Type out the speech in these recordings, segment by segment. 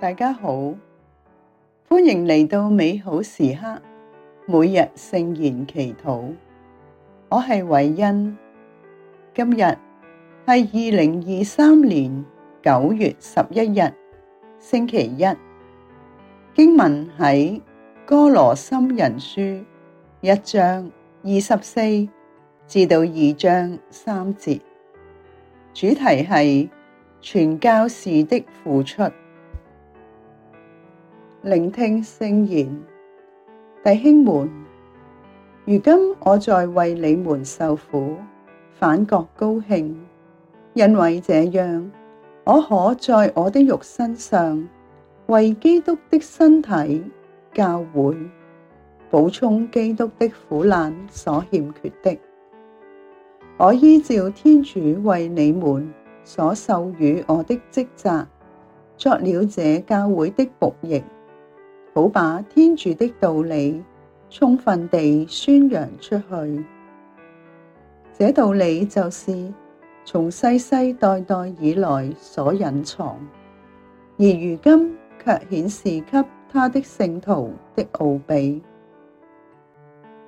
大家好，歡迎嚟到美好時刻，每日聖言祈禱。我係韋恩，今日係二零二三年九月十一日星期一。經文喺哥羅森人書一章二十四至到二章三節，主題係傳教士的付出。聆聽聖言，弟兄們，如今我在為你們受苦，反覺高興，因為這樣，我可在我的肉身上，為基督的身體教會，補充基督的苦難所欠缺的。我依照天主為你們所授予我的職責，作了這教會的僕役。好把天主的道理充分地宣揚出去。這道理就是從世世代代以來所隱藏，而如今卻顯示給他的聖徒的奧秘。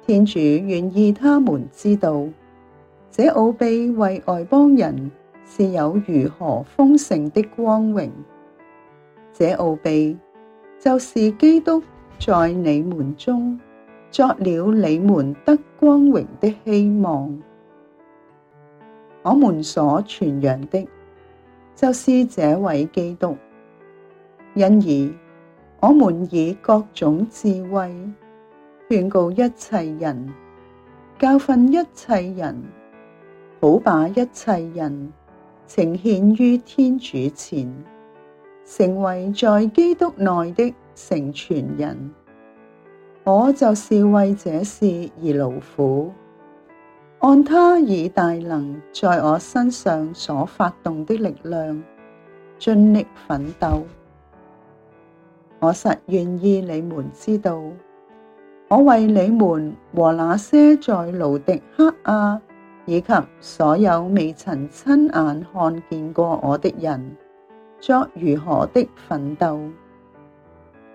天主願意他們知道，這奧秘為外邦人是有如何豐盛的光榮。這奧秘，就是基督在你們中作了你們得光榮的希望，我們所傳揚的，就是這位基督。因而，我們以各種智慧勸告一切人，教訓一切人，好把一切人呈獻於天主前。成為在基督內的成全人，我就是為這事而勞苦，按他以大能在我身上所發動的力量，盡力奮鬥。我實願意你們知道，我為你們和那些在勞狄克雅以及所有未曾親眼看見過我的人。作如何的奮鬥，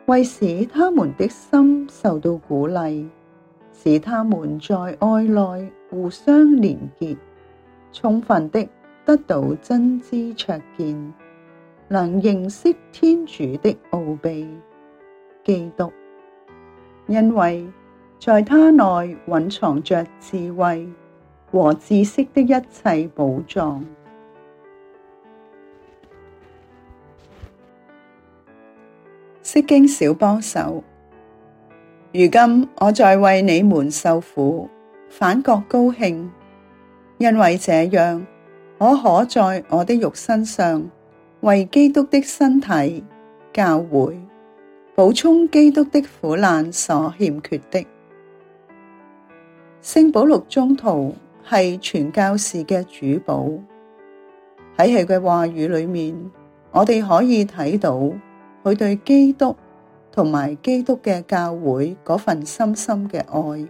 為使他們的心受到鼓勵，使他們在愛內互相連結，充分的得到真知灼見，能認識天主的奧秘，基督，因為在他內蘊藏着智慧和知識的一切寶藏。釋經小幫手，如今我在為你們受苦，反覺高興，因為這樣我可在我的肉身上，為基督的身體教會，補充基督的苦難所欠缺的。聖保祿宗徒係傳教士嘅主保，喺佢嘅話語裏面，我哋可以睇到。佢對基督同埋基督嘅教會嗰份深深嘅愛，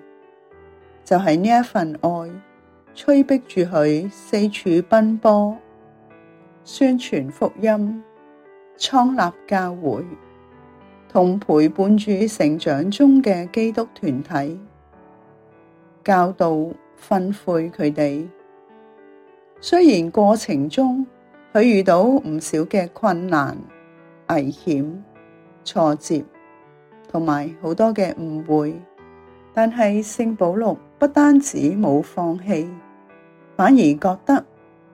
就係呢一份愛，催迫住佢四處奔波，宣傳福音、創立教會，同陪伴住成長中嘅基督團體，教導訓誨佢哋。雖然過程中佢遇到唔少嘅困難。危險、挫折同埋好多嘅誤會，但係聖保祿不單止冇放棄，反而覺得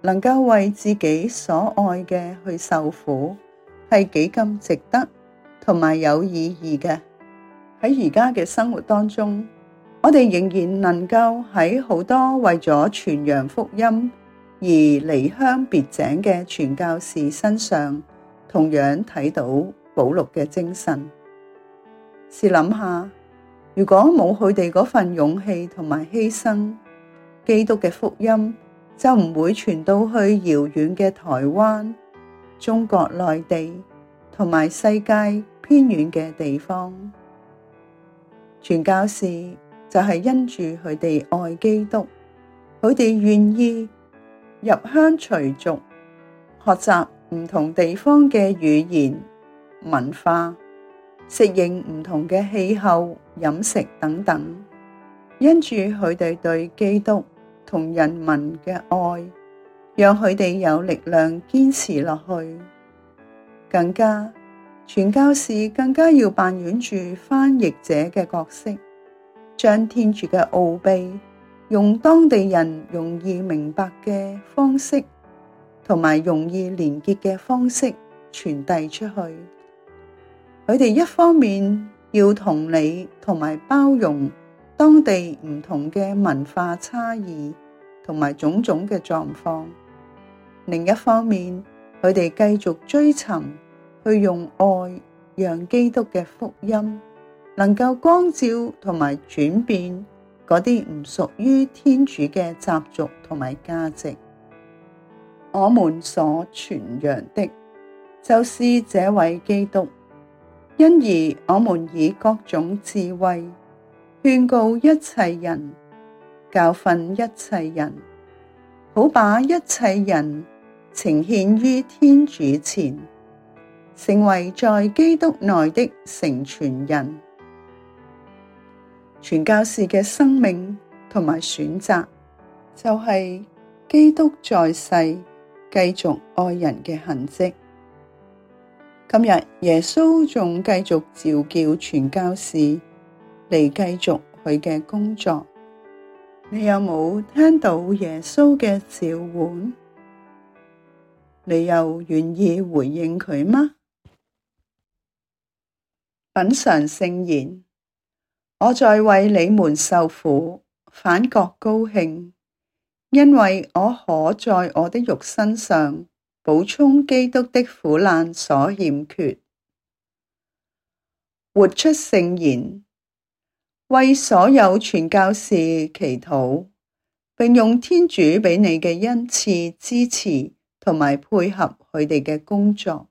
能夠為自己所愛嘅去受苦係幾咁值得同埋有意義嘅。喺而家嘅生活當中，我哋仍然能夠喺好多為咗傳揚福音而離鄉別井嘅傳教士身上。同樣睇到保祿嘅精神。試諗下，如果冇佢哋嗰份勇氣同埋犧牲，基督嘅福音就唔會傳到去遙遠嘅台灣、中國內地同埋世界偏遠嘅地方。傳教士就係因住佢哋愛基督，佢哋願意入鄉隨俗學習。唔同地方嘅語言、文化，適應唔同嘅氣候、飲食等等，因住佢哋對基督同人民嘅愛，讓佢哋有力量堅持落去。更加，傳教士更加要扮演住翻譯者嘅角色，將天主嘅奧秘用當地人容易明白嘅方式，同埋容易連結嘅方式傳遞出去，佢哋一方面要同理同埋包容當地唔同嘅文化差異同埋種種嘅狀況；另一方面，佢哋繼續追尋去用愛，讓基督嘅福音能夠光照同埋轉變嗰啲唔屬於天主嘅習俗同埋價值。我們所傳揚的，就是這位基督，因而我們以各種智慧，勸告一切人，教訓一切人，好把一切人，呈獻於天主前，成為在基督內的成全人。傳教士嘅生命同埋選擇，就係、是、基督在世。繼續愛人嘅痕跡。今日耶穌仲繼，繼，繼續召叫傳教士嚟繼續佢嘅工作。你有冇聽到耶穌嘅召喚？你又願意回應佢嗎？品嘗聖言，我在為你們受苦，反覺高興。因為我可在我的肉身上，補充基督的苦難所欠缺。活出聖言，為所有傳教士祈禱，並用天主畀你嘅恩賜支持同埋配合佢哋嘅工作，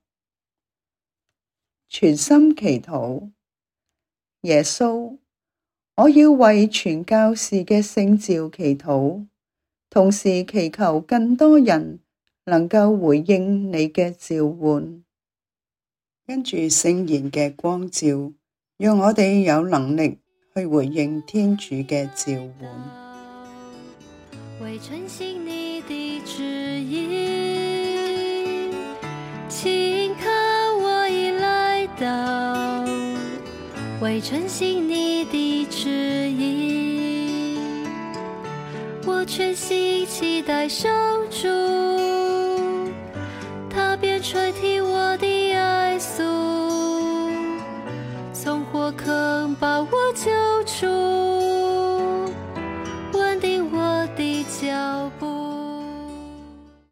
全心祈禱。耶穌，我要為傳教士嘅聖召祈禱。同時祈求更多人能夠回應你嘅召喚，跟住聖言嘅光照，讓我哋有能力去回應天主嘅召喚。為承行你的旨意，請看我已來到，為承行你的旨。全心期待守住。